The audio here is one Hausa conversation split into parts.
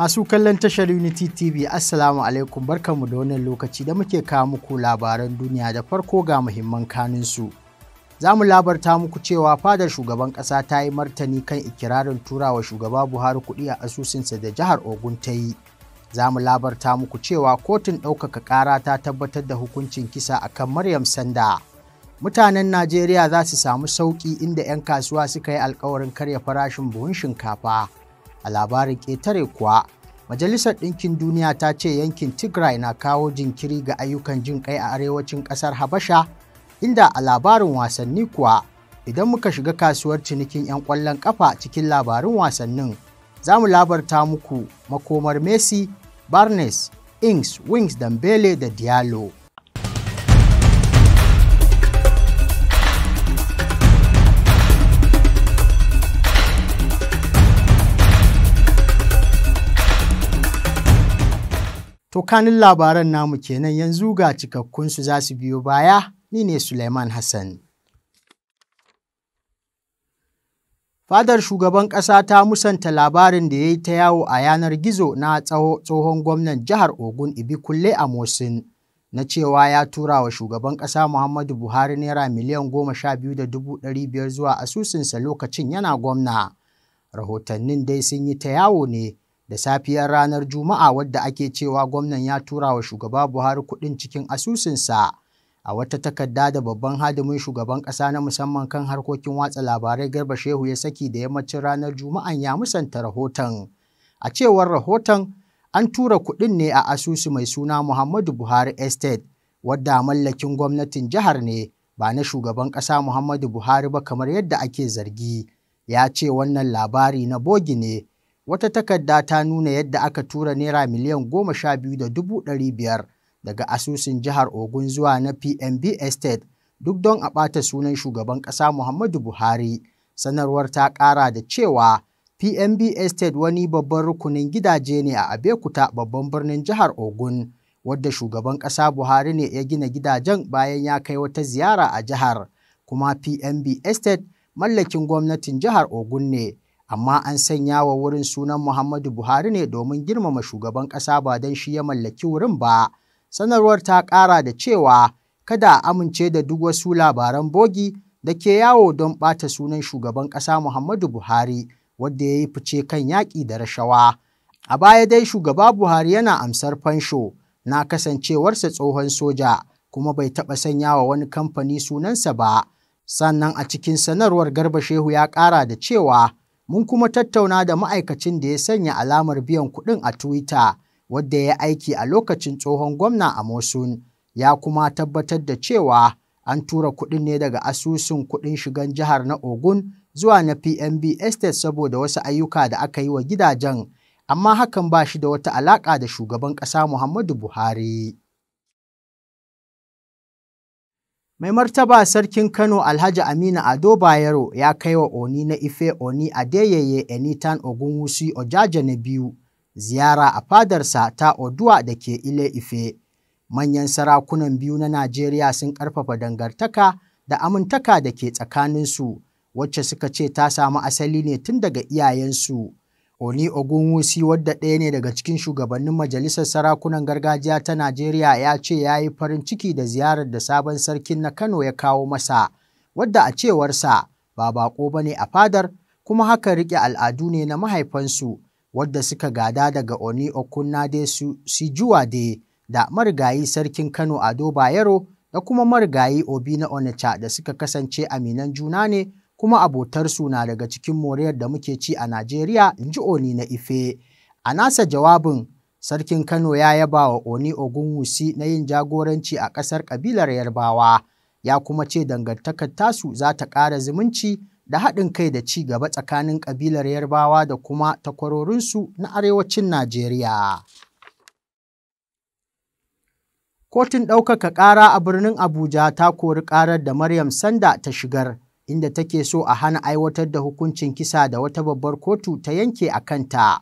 Masu kallon tashar Unity TV, Assalamu alaikum barkanmu da wannan lokaci da muke kawo muku labaran duniya da farko ga muhimman kaninsu. Za mu labarta muku cewa fadar shugaban ƙasa ta yi martani kan ikirarin turawa shugaba Buhari kuɗi a asusunsa da jihar Ogun ta yi. Za mu labarta muku cewa kotun ɗaukaka ƙara ta tabbatar da hukuncin kisa akan Maryam Sanda. Mutanen Najeriya za su samu sauƙi inda 'yan kasuwa suka yi alkawarin karya farashin buhun shinkafa. a labarin ƙetare kuwa majalisar ɗinkin duniya ta ce yankin tigray na kawo jinkiri ga ayyukan jin ƙai a arewacin ƙasar habasha inda a labarin wasanni kuwa idan muka shiga kasuwar cinikin 'yan ƙwallon ƙafa cikin labarin wasannin za mu labarta muku makomar messi barnes ings wings dambele da diallo To labaran namu kenan yanzu ga cikakkunsu za su biyo baya, ni ne Suleiman Hassan. Fadar shugaban ƙasa ta musanta labarin da ya yi ta yawo a yanar gizo na tsohon gwamnan jihar Ogun Ibi Kulle a Mosin na cewa ya tura wa shugaban ƙasa Muhammadu Buhari naira miliyan goma sha biyu da dubu ɗari biyar zuwa asusunsa lokacin yana gwamna. Rahotannin dai sun yi ta yawo ne da safiyar ranar Juma'a wadda ake cewa gwamnan ya tura wa shugaba Buhari kuɗin cikin asusunsa a wata takarda da babban hadimin shugaban ƙasa na musamman kan harkokin watsa labarai Garba Shehu ya saki da yammacin ranar Juma'an ya musanta rahoton. A cewar rahoton an tura kuɗin ne a asusu mai suna Muhammadu Buhari Estate wadda mallakin gwamnatin jihar ne ba na shugaban ƙasa Muhammadu Buhari ba kamar yadda ake zargi. Ya ce wannan labari na bogi ne wata takarda ta nuna yadda aka tura naira miliyan goma sha biyu da dubu ɗari biyar daga asusun jihar ogun zuwa na pmb estate duk don a ɓata sunan shugaban ƙasa muhammadu buhari sanarwar ta ƙara da cewa pmb estate wani babban rukunin gidaje ne a abekuta babban birnin jihar ogun wadda shugaban ƙasa buhari ne ya gina gidajen bayan ya kai wata ziyara a jihar kuma pmb estate mallakin gwamnatin jihar ogun ne amma an sanya wa wurin sunan Muhammadu Buhari ne domin girmama shugaban ƙasa ba don shi ya mallaki wurin ba. Sanarwar ta ƙara da cewa kada a amince da duk wasu labaran bogi da ke yawo don ɓata sunan shugaban ƙasa Muhammadu Buhari wadda ya yi fice kan yaƙi da rashawa. A baya dai shugaba Buhari yana amsar fansho na kasancewarsa tsohon soja kuma bai taɓa sanya wa wani kamfani sunansa ba. Sannan a cikin sanarwar Garba Shehu ya ƙara da cewa Mun kuma tattauna da ma'aikacin da ya sanya alamar biyan kuɗin a Twitter wadda ya aiki a lokacin tsohon gwamna a Mosun ya kuma tabbatar da cewa an tura kuɗin ne daga asusun kuɗin shigan jihar na Ogun zuwa na PNB Estate saboda wasu ayyuka da aka yi wa gidajen amma hakan ba shi da wata alaƙa da shugaban ƙasa Muhammadu Buhari. Mai martaba sarkin Kano Alhaji Aminu Ado Bayero ya kai wa Oni na Ife Oni Adeyeye Enitan Ogunwusi Ojaja na biyu ziyara a fadarsa ta Oduwa da ke Ile Ife. Manyan sarakunan biyu na Najeriya sun ƙarfafa dangartaka da amintaka da ke tsakaninsu, wacce suka ce ta samu asali ne tun daga iyayensu Oni Ogunwusi wadda ɗaya ne daga cikin shugabannin Majalisar Sarakunan Gargajiya ta Najeriya ya ce ya yi farin ciki da ziyarar da sabon sarkin na Kano ya kawo masa, wadda a cewarsa ba baƙo ba ne a fadar kuma haka riƙe al'adu ne na mahaifansu wadda suka gada daga Oni Okunnade Sijuwade da marigayi sarkin Kano Ado Bayero da kuma marigayi Obi na Onitsha da suka kasance aminan juna ne kuma abotarsu na daga cikin moriyar da muke ci a Najeriya, in ji Oni na Ife. A nasa jawabin, Sarkin Kano ya yaba wa Oni wusi na yin jagoranci a ƙasar ƙabilar Yarbawa, ya kuma ce dangantakar tasu za ta ƙara zumunci da haɗin kai da ci gaba tsakanin ƙabilar Yarbawa da kuma takwarorinsu na arewacin Najeriya. Kotun ɗaukaka ƙara a birnin Abuja ta kori ƙarar da Maryam Sanda ta shigar. inda take so a hana aiwatar da hukuncin kisa da wata babbar kotu ta yanke a kanta.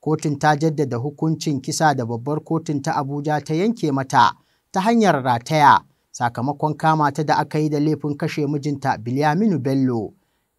Kotun ta jaddada hukuncin kisa da babbar kotun ta Abuja ta yanke mata ta hanyar rataya sakamakon kama ta da aka yi da laifin kashe mijinta Bilyaminu Bello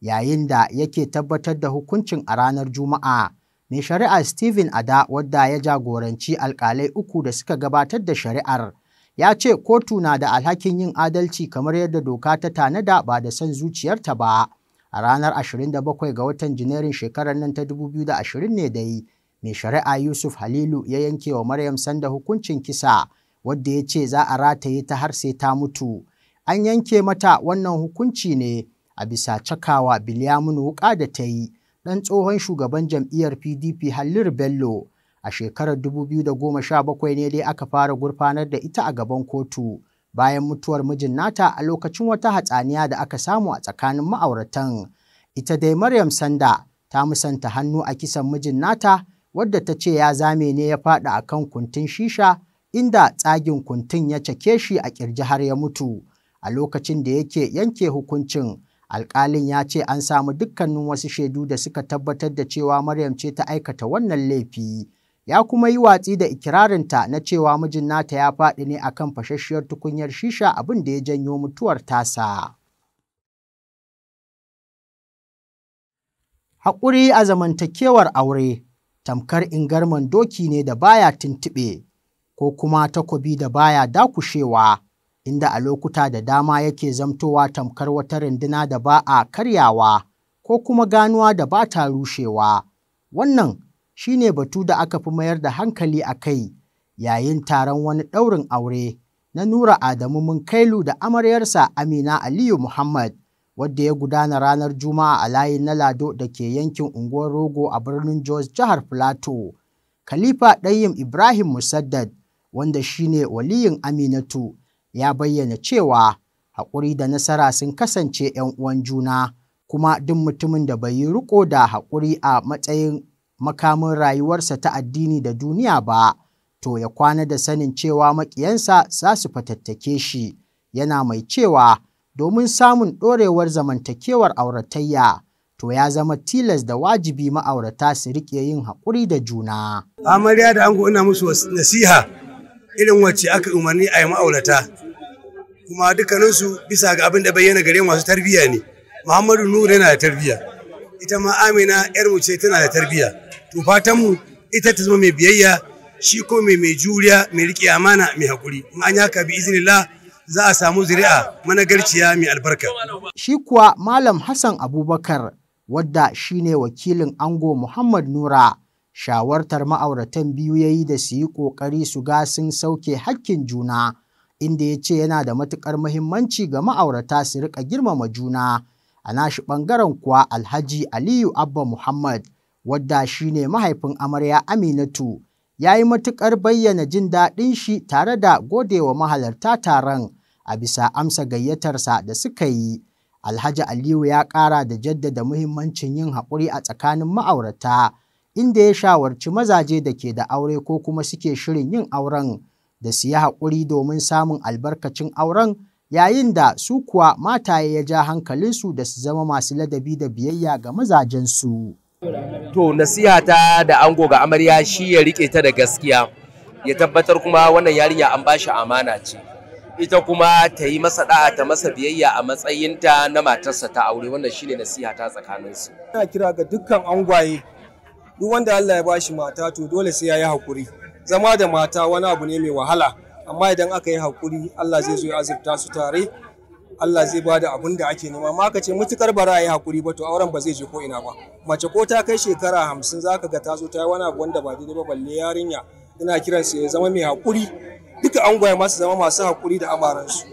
yayin da yake tabbatar da hukuncin a ranar Juma'a. Mai shari'ar Stephen Ada wadda ya jagoranci alkalai uku da suka gabatar da shari'ar ya ce kotu na da alhakin yin adalci kamar yadda doka ta tanada ba da son zuciyarta ba a ranar 27 ga watan janairun shekarar nan ta 2020 ne da yi mai shari'a yusuf halilu ya yanke wa maryam sanda hukuncin kisa wadda ya ce za a rataye ta har sai ta mutu an yanke mata wannan hukunci ne a bisa cakawa Biliyamun wuƙa da ta yi ɗan tsohon shugaban jam'iyyar pdp hallir bello a shekarar 2017 ne dai aka fara gurfanar da ita a gaban kotu bayan mutuwar mijin nata a lokacin wata hatsaniya da aka samu a tsakanin ma'auratan. Ita dai Maryam Sanda ta musanta hannu a kisan mijin nata wadda ta ce ya zame ne ya faɗa a kan kuntin shisha inda tsagin kuntin ya cake shi a kirji har ya mutu. A lokacin da yake yanke hukuncin alkalin ya ce an samu dukkanin wasu shaidu da suka tabbatar da cewa Maryam ce ta aikata wannan laifi. ya kuma yi watsi da ikirarinta na cewa mijin nata ya faɗi ne akan fashashiyar tukunyar shisha abin da ya janyo mutuwar tasa. Haƙuri a zamantakewar aure tamkar ingarman doki ne da baya tuntuɓe ko kuma takobi da baya dakushewa inda a lokuta da dama yake zamtowa tamkar wata runduna da ba a karyawa ko kuma ganuwa da ba ta rushewa. Wannan shi ne batu da aka fi mayar da hankali a kai yayin taron wani ɗaurin aure na Nura Adamu Munkailu da amaryarsa Amina Aliyu Muhammad wadda ya gudana ranar Juma'a a layin na Lado da ke yankin unguwar Rogo a birnin Jos jihar Filato. Khalifa Ɗayyim Ibrahim Musaddad wanda shi ne waliyin Aminatu ya bayyana cewa haƙuri da nasara sun kasance 'yan uwan juna kuma duk mutumin da bai yi riko da haƙuri a matsayin makamin rayuwarsa ta addini da duniya ba, to ya kwana da sanin cewa maƙiyansa za su fatattake shi, yana mai cewa domin samun ɗorewar zamantakewar auratayya. to ya zama tilas da wajibi ma'aurata su riƙe yin haƙuri da juna. Amarya da ango ina musu nasiha irin wacce aka umarni a yi ma'aurata kuma dukkaninsu bisa ga abin da bayyana gare masu tarbiyya ne. Muhammadu Nuhu yana da tarbiyya, ita ma Amina ‘yar mu ce tana da tarbiyya. to fatan mu ita ta zama mai biyayya shi ko mai mai juriya mai rike amana mai hakuri in an ka bi iznillah za a samu zuri'a managarciya mai albarka shi kuwa malam hassan abubakar wadda shine wakilin ango muhammad nura shawartar ma'auratan biyu ya yi da su yi ƙoƙari su ga sun sauke hakkin juna inda ya ce yana da matuƙar muhimmanci ga ma'aurata su rika girmama juna a nashi ɓangaren kuwa alhaji aliyu abba muhammad wadda shi ne mahaifin amarya Aminatu, ya yi matuƙar bayyana jin daɗin shi tare da godewa mahalarta taron a bisa amsa gayyatarsa da suka yi. Alhaji Aliyu ya ƙara da jaddada muhimmancin yin haƙuri a tsakanin ma'aurata, inda ya shawarci mazaje da ke da aure ko kuma suke shirin yin auren da su yi haƙuri domin samun albarkacin auren yayin da su kuwa mataye ya ja hankalinsu da su zama masu ladabi da biyayya ga mazajensu. To nasiha ta da ango ga amarya shi ya rike ta da gaskiya ya tabbatar kuma wannan yarinya an bashi amana ce. Ita kuma ta yi masa da'a ta masa biyayya a matsayinta na matarsa ta aure wannan shine nasiha ta su Ina kira ga dukkan angwaye duk wanda Allah ya bashi mata to dole sai ya yi hakuri. Zama da mata wani abu ne mai wahala amma idan aka yi hakuri Allah zai zo ya azurta su tare Allah zai bada abun da ake nema ma ce mutukar ba yi hakuri ba to auren ba zai je ko ina ba mace ko ta kai shekara hamsin zaka ga ta zo ta yi wani abu wanda ba daidai ba balle yarinya ina kiran su ya zama mai hakuri duka an gwaya masu zama masu hakuri da amaransu.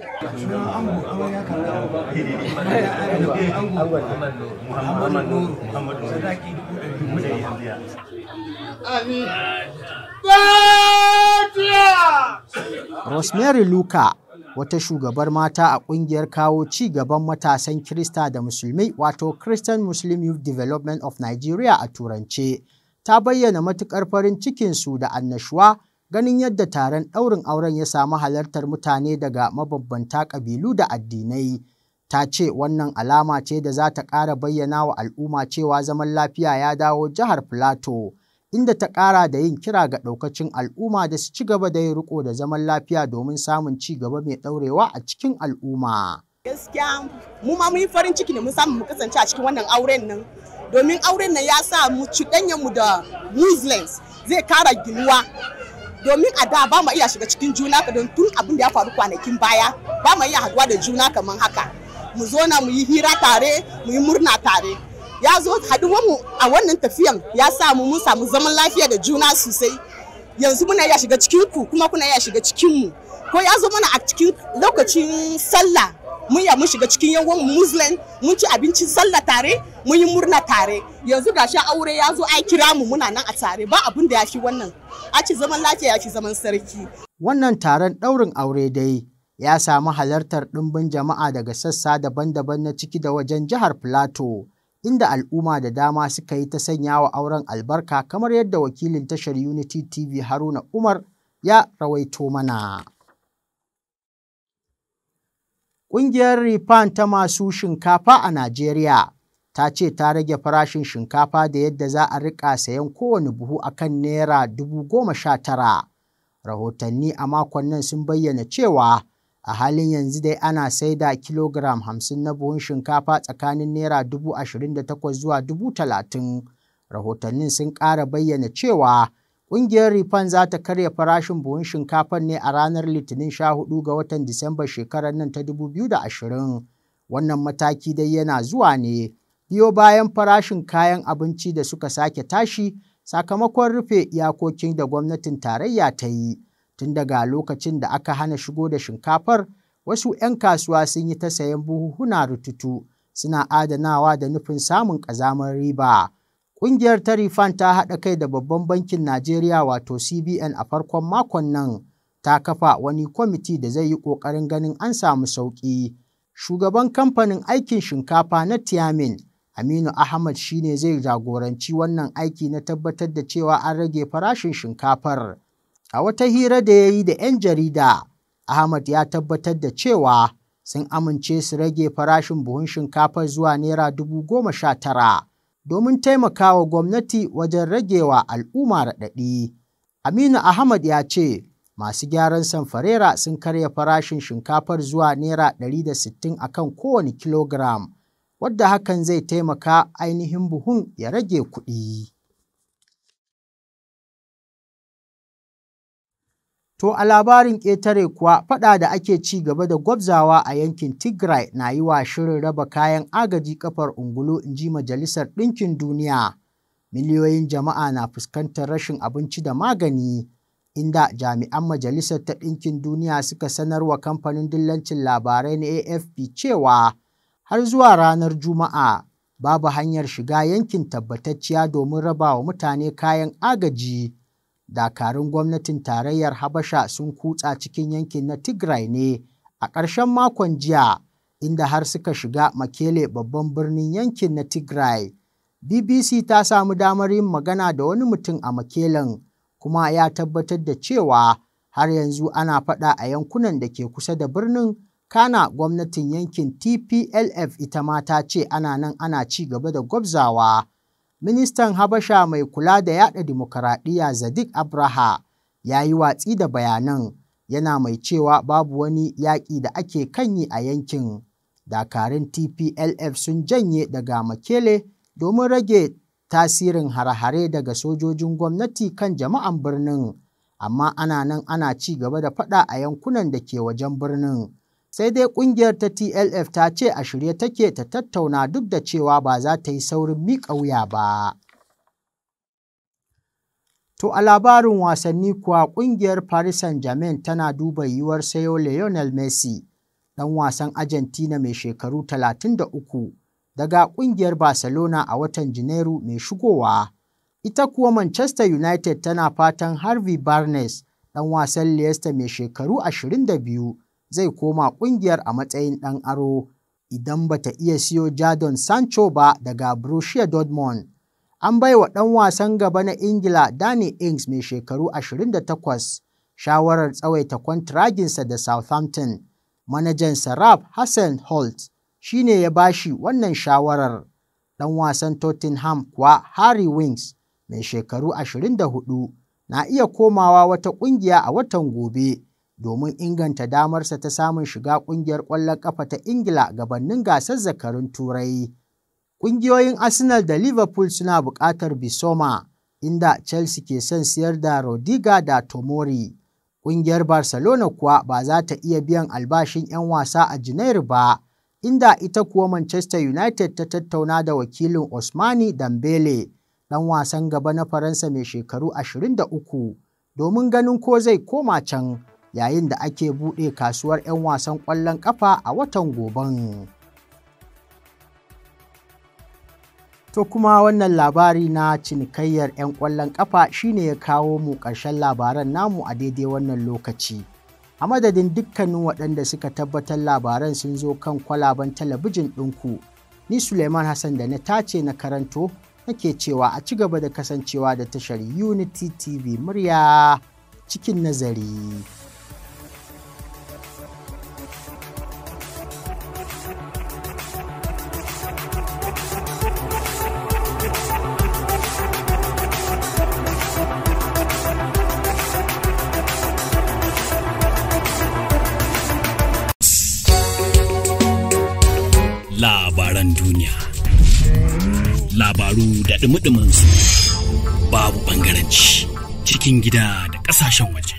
Rosemary Luka wata shugabar mata a ƙungiyar kawo ci gaban matasan Kirista da Musulmi wato Christian Muslim Youth Development of Nigeria a Turance. Ta bayyana matukar farin cikin su da annashuwa ganin yadda taron ɗaurin auren ya samu halartar mutane daga mabambanta ƙabilu da addinai. Ta ce wannan alama ce da za ta ƙara bayyana wa al'umma cewa zaman lafiya ya dawo jihar Plateau. inda ta kara da yin kira ga ɗaukacin al'umma da su ci gaba da yin riko da zaman lafiya domin samun ci gaba mai ɗaurewa a cikin al'umma. Gaskiya mu ma mun yi farin ciki ne mun samu mu kasance a cikin wannan auren nan domin auren nan ya sa mu cuɗanyen mu da Muslims zai kara ginuwa domin a da ba mu iya shiga cikin juna ka don tun abin da ya faru kwanakin baya ba mu iya haduwa da juna kamar haka mu zo na mu yi hira tare mu yi murna tare ya zo haɗuwar mu a wannan tafiyan ya samu mun samu zaman lafiya da juna sosai yanzu muna iya shiga cikin ku kuma kuna iya shiga cikin mu ko ya zo mana a cikin lokacin sallah mun ya mun shiga cikin yan mu muslim mun ci abincin sallah tare mun yi murna tare yanzu gashi aure ya zo ai kira mu muna nan a tare ba abin da ya fi wannan a ci zaman lafiya ya fi zaman sarki wannan taron ɗaurin aure dai ya samu halartar ɗimbin jama'a daga sassa daban-daban na ciki da wajen jihar plateau inda al'umma da dama suka yi ta sanya wa auren albarka kamar yadda wakilin tashar Unity TV Haruna Umar ya rawaito mana. Ƙungiyar Rifan ta masu shinkafa a Najeriya ta ce ta rage farashin shinkafa da yadda za a riƙa sayan kowane buhu a kan Naira dubu Rahotanni a makon nan sun bayyana cewa a halin yanzu dai ana sai da kilogram hamsin na buhun shinkafa tsakanin naira dubu ashirin da takwas zuwa dubu talatin rahotannin sun ƙara bayyana cewa ƙungiyar rifan za ta karya farashin buhun shinkafar ne a ranar litinin sha hudu ga watan disamba shekarar nan ta dubu biyu da ashirin wannan mataki dai yana zuwa ne biyo bayan farashin kayan abinci da suka sake tashi sakamakon rufe iyakokin da gwamnatin tarayya ta yi Tun daga lokacin da aka hana shigo da shinkafar, wasu ‘yan kasuwa sun yi ta sayan buhuhuna rututu, suna adanawa da nufin samun ƙazamar riba. Ƙungiyar ta rifan ta haɗa kai da Babban Bankin Najeriya wato CBN a farkon makon nan ta kafa wani kwamiti da zai yi ƙoƙarin ganin an samu sauƙi. Shugaban kamfanin aikin shinkafa na Tiamin, Aminu Ahmad shine zai jagoranci wannan aiki na tabbatar da cewa an rage farashin shinkafar. A wata hira da ya yi da 'yan jarida, Ahmad ya tabbatar da cewa sun amince su rage farashin buhun shinkafa zuwa Naira dubu goma sha tara domin taimakawa gwamnati wajen ragewa al'umma raɗaɗi. Aminu Ahmad ya ce, masu gyaran samfarera sun karya farashin shinkafar zuwa Naira 160 a kan kowane kilogram, wadda hakan zai taimaka ainihin buhun ya rage kuɗi. To a labarin ƙetare kuwa faɗa da ake ci gaba da gwabzawa a yankin Tigray na yi wa shirin raba kayan agaji kafar ungulu in ji Majalisar Ɗinkin Duniya. Miliyoyin jama'a na fuskantar rashin abinci da magani inda jami'an Majalisar ta Ɗinkin Duniya suka sanarwa kamfanin dillancin labarai na AFP cewa har zuwa ranar Juma'a babu hanyar shiga yankin tabbatacciya domin raba wa mutane kayan agaji. dakarun gwamnatin tarayyar Habasha sun kutsa cikin yankin na Tigray ne a ƙarshen makon jiya inda har suka shiga Makele babban birnin yankin na Tigray. BBC ta samu damar yin magana da wani mutum a Makelen kuma ya tabbatar da cewa har yanzu ana faɗa a yankunan da ke kusa da birnin kana gwamnatin yankin TPLF ita ma ta ce ana nan ana ci gaba da gwabzawa. Ministan Habasha mai kula da yaɗa dimokuraɗiyya Zadik Abraha ya yi watsi da bayanan yana mai cewa babu wani yaƙi da ake kan yi a yankin. Dakarun TPLF sun janye daga Makele domin rage tasirin hare-hare daga sojojin gwamnati kan jama'an birnin, amma ana nan ana ci gaba da faɗa a yankunan da ke wajen birnin. Sai dai ƙungiyar ta TLF ta ce a shirye take ta tattauna duk da cewa ba za ta yi saurin miƙa wuya ba. To a labarin wasanni kuwa ƙungiyar Paris Saint-Germain tana duba yiwuwar sayo Lionel Messi, ɗan wasan Argentina mai shekaru 33, daga ƙungiyar Barcelona a watan Janairu mai shigowa. Ita kuwa Manchester United tana fatan Harvey Barnes, ɗan wasan Leicester mai shekaru 22, zai koma ƙungiyar a matsayin ɗan aro idan ba ta iya siyo Jadon Sancho ba daga Borussia Dortmund. An bai wa ɗan wasan gaba na Ingila Danny Ings mai shekaru 28 shawarar tsawaita kwantiraginsa da Southampton. Manajan Sarab Hassan Holt shi ne ya bashi wannan shawarar. Ɗan wasan Tottenham kuwa Harry Winks mai shekaru 24 na iya komawa wata ƙungiya a watan gobe domin inganta damarsa ta samun shiga kungiyar ƙwallon ƙafa ta Ingila gabanin gasar zakarun Turai. Ƙungiyoyin Arsenal da Liverpool suna buƙatar Bisoma, inda Chelsea ke son siyar da Rodiga da Tomori. Ƙungiyar Barcelona kuwa ba za ta iya biyan albashin 'yan wasa a Janairu ba, inda ita kuwa Manchester United ta tattauna da wakilin Osmani Dambele, ɗan wasan gaba na Faransa mai shekaru 23, domin ganin ko zai koma can. yayin da ake buɗe kasuwar 'yan wasan ƙwallon ƙafa a watan goben. To kuma wannan labari na cinikayyar 'yan ƙwallon ƙafa shine ya kawo mu ƙarshen labaran namu a daidai wannan lokaci. A madadin dukkanin waɗanda suka tabbatar labaran sun zo kan kwalaban talabijin ɗinku, ni Suleiman Hassan da na tace na karanto nake cewa a ci gaba da kasancewa da tashar Unity TV murya cikin nazari. da su babu ɓangaranci cikin gida da ƙasashen waje.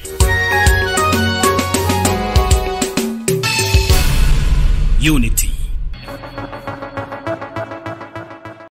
Unity